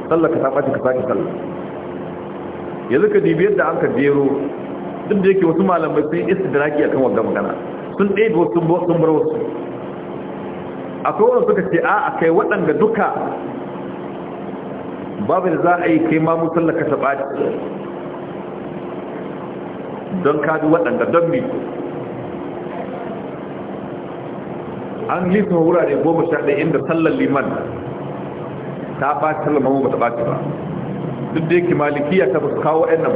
sallah ka sake ka sake sallah yanzu ka dibi yadda an ka jero duk da yake wasu malamai sun a akan wadda magana sun ɗebe wasu sun bar wasu akwai wani suka ce a a kai waɗanda duka babu da za a yi kai ma musallaka ta ɓaci don bi waɗanda don mi an lisa wurare goma sha ɗaya inda sallar liman ta ɓaci sallar mamu ba ta ɓaci ba duk da yake malikiya ta ba su kawo ɗan nan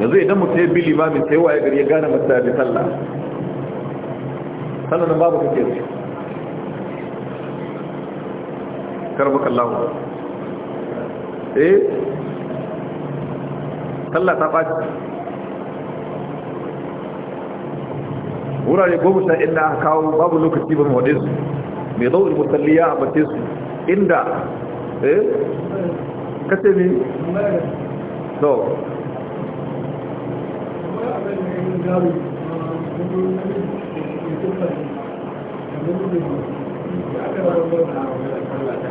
yanzu idan mutum ya bi limamin sai waye gari ya gane masu da sallah sallar babu kake su كربك الله ايه صلى تقاتل وراء يقوم شاء إلا أحكاو باب اللوك التيب المهدس ميضو المثلية أبتس إندا ايه كتبي تو يا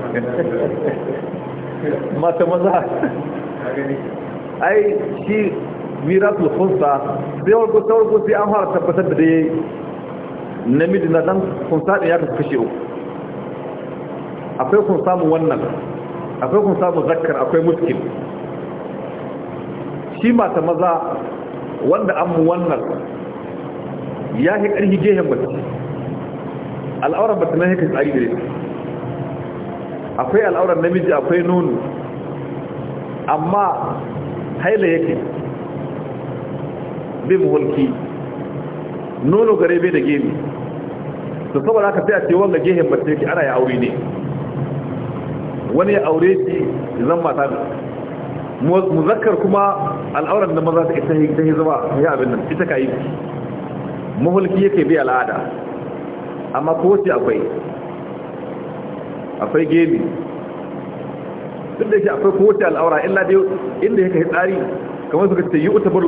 mata maza ai shi miracle kunsa sai warko ta warko sai an fara tabbatar da dai namiji na dan kunsa ɗin ya kasu kashe uku akwai kun samu wannan akwai kun samu zakar akwai muskil shi mata maza wanda an mu wannan ya yi ƙarfi gehen mace al'aurar ba ta na haka tsari da ita akwai al'auran namiji akwai nono amma haila yake bin mulki nono gare bai da gemi da saboda haka sai a ce wanga gehen mace yake ana ya aure ne wani ya aure shi zan mata ne muzakkar kuma al'auran da maza ta yi ta yi zama ya abin nan ita ka yi mahulki yake bi al'ada amma ko akwai akwai gemi duk da yake akwai kowace al'aura illa da inda yake tsari kamar suka ce yi utabar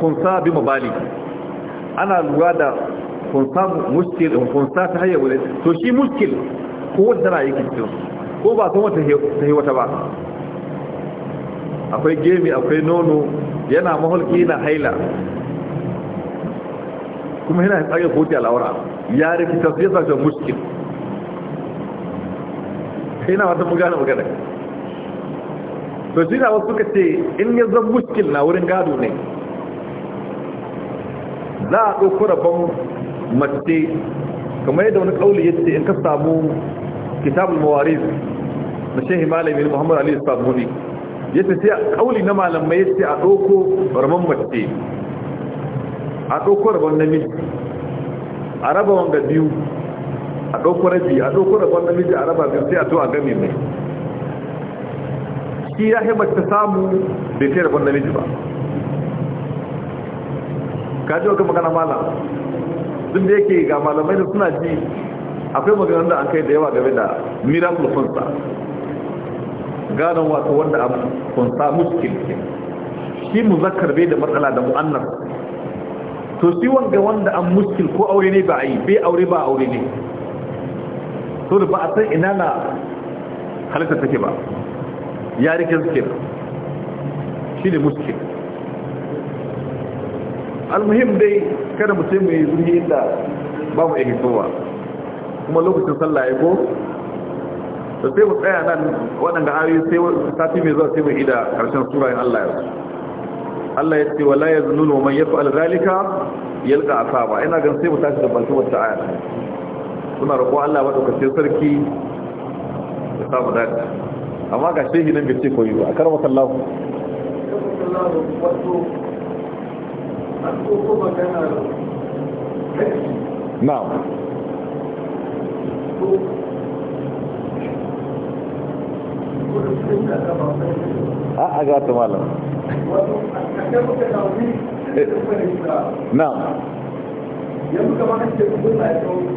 kunsa bi mabali ana lura da kunsa muskil kunsa ta hanyar wani to shi muskil ko wata na yake cikin ko ba kuma wata ta wata ba akwai gemi akwai nono yana mahulki na haila kuma yana tsage kowace al'aura ya rikitar sai zaka muskil ina wata mu gane magana to shi na wasu suka ce in ya zan muskil na wurin gado ne za a ɗauko rabon mace kamar yadda wani ƙauli ya ce in ka samu kitabul mawariz na shehi malami muhammadu aliyu sabuni ya ce sai a ƙauli na malamai ya ce a ɗauko rabon mace a ɗauko rabon namiji a raba wanga biyu a ɗauko rabi a ɗauko rabon namiji a raba biyu sai a to a game mai shi ya haɓa ta samu da kai rabon namiji ba ka ji wa magana malam sun da yake ga malamai da suna ji akwai maganar da an kai da yawa game da miracle funsa ganin wata wanda a funsa muskil shi zakar bai da matsala da mu'annar to shi wanga wanda an muskil ko aure ne ba a yi bai aure ba aure ne so da ba a san ina na halittar take ba ya rikin suke shi ne muske almuhim dai kada mutum mai zuri inda ba mu iya towa kuma lokacin sallah ya go da sai mu tsaya nan waɗanda ayoyi sai sati mai zuwa sai mu ida ƙarshen surayen Allah ya Allah ya ce wala yazunnu man yaf'al zalika yalqa asaba ina gan sai mu tashi da bantu wata aya suna roƙo Allah maɗaukacin sarki da samu dace amma ga shehi nan gace koyi ba a karama kallahu na'am a a ta malam eh, na'am yanzu kamar ake kuma ya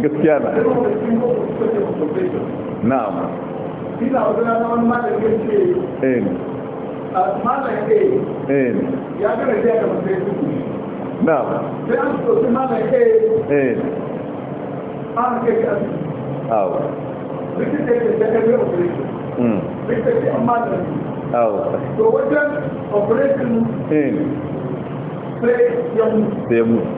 gaskiya na na'am ina wajen wani malam ce eh malam a eh. ya gana jiya da masu na'am sai an eh. operation hmm. an to wajen operation eh. sai ya mutu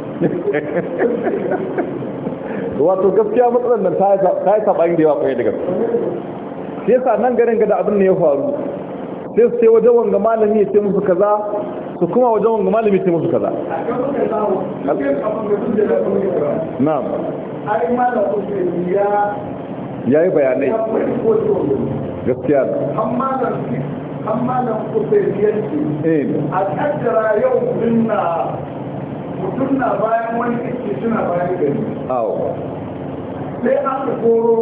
wato gaskiya matsalar nan ta yi saɓa da yawa kwaye da gaske sai sa nan garin gada abin ne ya faru sai su sai wajen wanga malami ya ce musu kaza su kuma wajen wanga malami ya ce musu kaza na'am ya yi bayanai gaskiya amma nan kusa yanki a kaddara yau dinna mutum na bayan wani kake suna bayan gari awo sai aka koro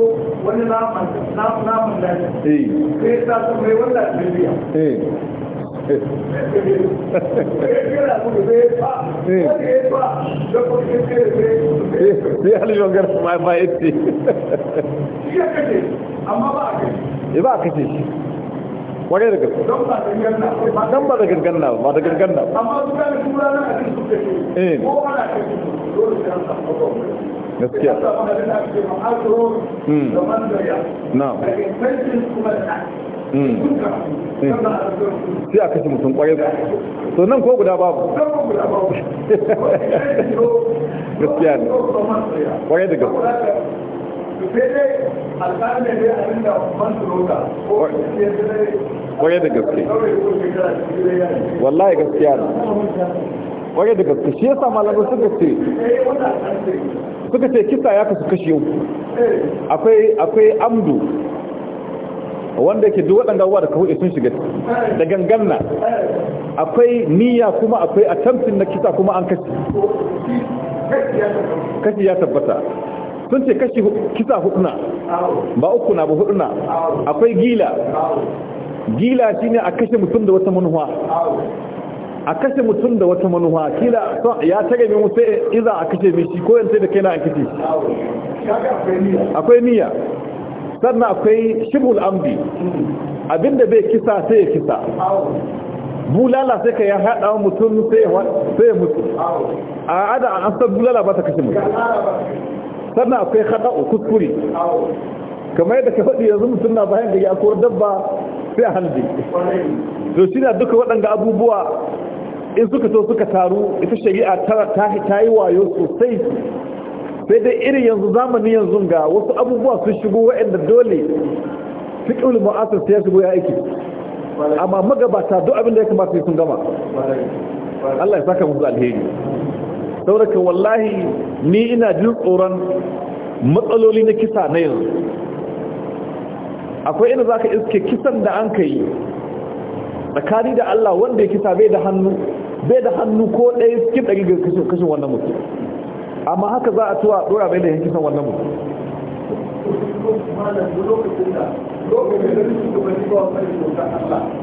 wani naman naman da eh. sai ta su mai wanda libya eh. sai eh. halittar gara ma ya ya kace amma ba a kace ba a kace kware da gaske don ba da ganganna ba da ba. amma su gane tura na a cikin suke eh ko ana cikin dole sai an samu gaskiya sai a kashe mutum ba. so nan ko guda babu gaskiya ne kwarai da gaskiya kwaye da gaske wallahi gaskiya ne kwaye da gaske shi yasa malamai suka ce eh, suka ce kisa ya kasu kashi yau eh. akwai akwai amdu wanda yake duk waɗanda uwa da kawai sun shiga eh. da ganganna akwai niyya kuma akwai attempting na kisa kuma an kashi kashi ya tabbata sun ce kashi kisa hudna ba uku na ba hudna akwai gila gila shine a kashe mutum da wata manuwa a kashe mutum da wata manuwa kila ya tare min musa iza a kashe mai shi ko sai da kai na an akwai niyya sannan akwai shibul ambi abinda bai kisa sai ya kisa bulala sai ka ya haɗa mutum sai ya mutu a ada an san bulala ba ta kashe mutum sannan akwai haɗa'u kuskure kamar yadda ka faɗi yanzu mutum na bayan gari a kowar dabba sai a halbe to shi na duka waɗanda abubuwa in suka so suka taru ita shari'a ta yi wayo sosai sai dai irin yanzu zamani yanzu ga wasu abubuwa sun shigo waɗanda dole fiƙin ma'asar ta ya shigo ya aiki amma magabata duk abin da ya kamata sun gama Allah ya saka musu alheri sauraka wallahi ni ina jin tsoron matsaloli na kisa na yanzu akwai ina za ka iske kisan da an ka yi tsakani da Allah wanda ya kisa bai da hannu bai da hannu ko ɗaya cikin ɗari ga kashin wannan mutum amma haka za a tuwa ɗora bai da kisan wannan mutum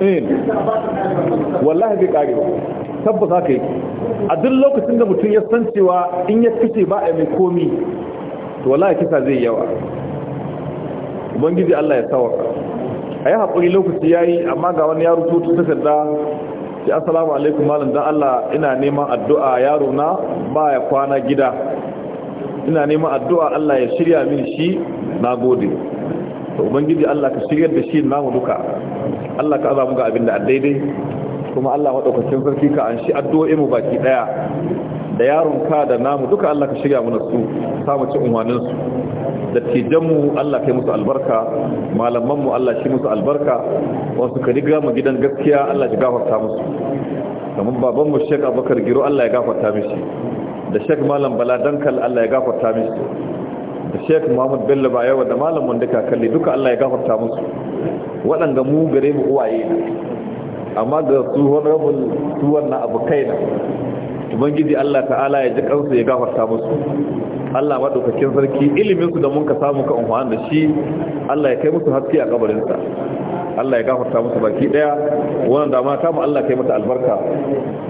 eh, wallahi bai ƙare ba tabbata ka yi a duk lokacin da mutum ya san cewa in ya fice ba a mai komi to wallahi kisa zai yawa ubangiji Allah ya sawaka a yi haƙuri lokaci ya yi amma ga wani yaro tutu sadda ya asalamu alaikum malam don Allah ina neman addu'a yaro na ba ya kwana gida ina neman addu'a Allah ya shirya min shi na gode to ubangiji Allah ka shiryar da shi namu duka Allah ka azamu ga abin da daidai kuma Allah ɗaukacin sarki ka an shi addu'o'i mu baki ɗaya da yaron ka da namu duka Allah ka shirya mana su samu ci umarnin su da tijanmu Allah kai musu albarka malamanmu Allah shi musu albarka wasu ka riga mu gidan gaskiya Allah ya gafarta musu kamar babanmu Sheikh Abubakar Giro Allah ya gafarta mishi da Sheikh Malam Bala Dankal Allah ya gafarta mishi da Sheikh Muhammad Bello Bayawa da Malam Wanda kalli duka Allah ya gafarta musu waɗanda mu gare mu uwaye amma ga su rabin tuwon na abu kaina ubangiji Allah ta'ala ya ji kansu ya gafarta musu Allah madaukakin sarki ilimin da mun ka samu ka umman da shi Allah ya kai musu haske a kabarin sa Allah ya gafarta musu baki daya wannan da ta mu Allah kai mata albarka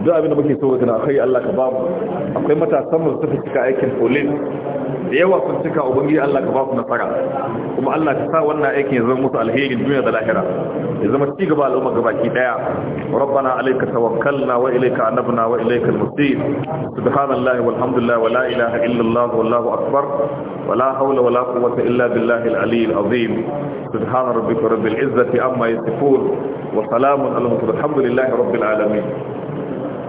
duk abin da muke so ga na kai Allah ka ba mu akwai matasan mu suka cika aikin police da yawa sun cika ubangiji Allah ka ba su nasara kuma Allah ka sa wannan aikin ya zama musu alherin duniya da lahira ya zama ci gaba al'umma gabaki daya rabbana alayka tawakkalna wa ilayka anabna wa ilayka al-musir subhanallahi walhamdulillah wa la ilaha illa Allah wallahu akbar wa la hawla wa la quwwata illa billahi al-ali al-azim subhana rabbika rabbil izzati amma yasifun wa salamun alhamdulillahi rabbil alamin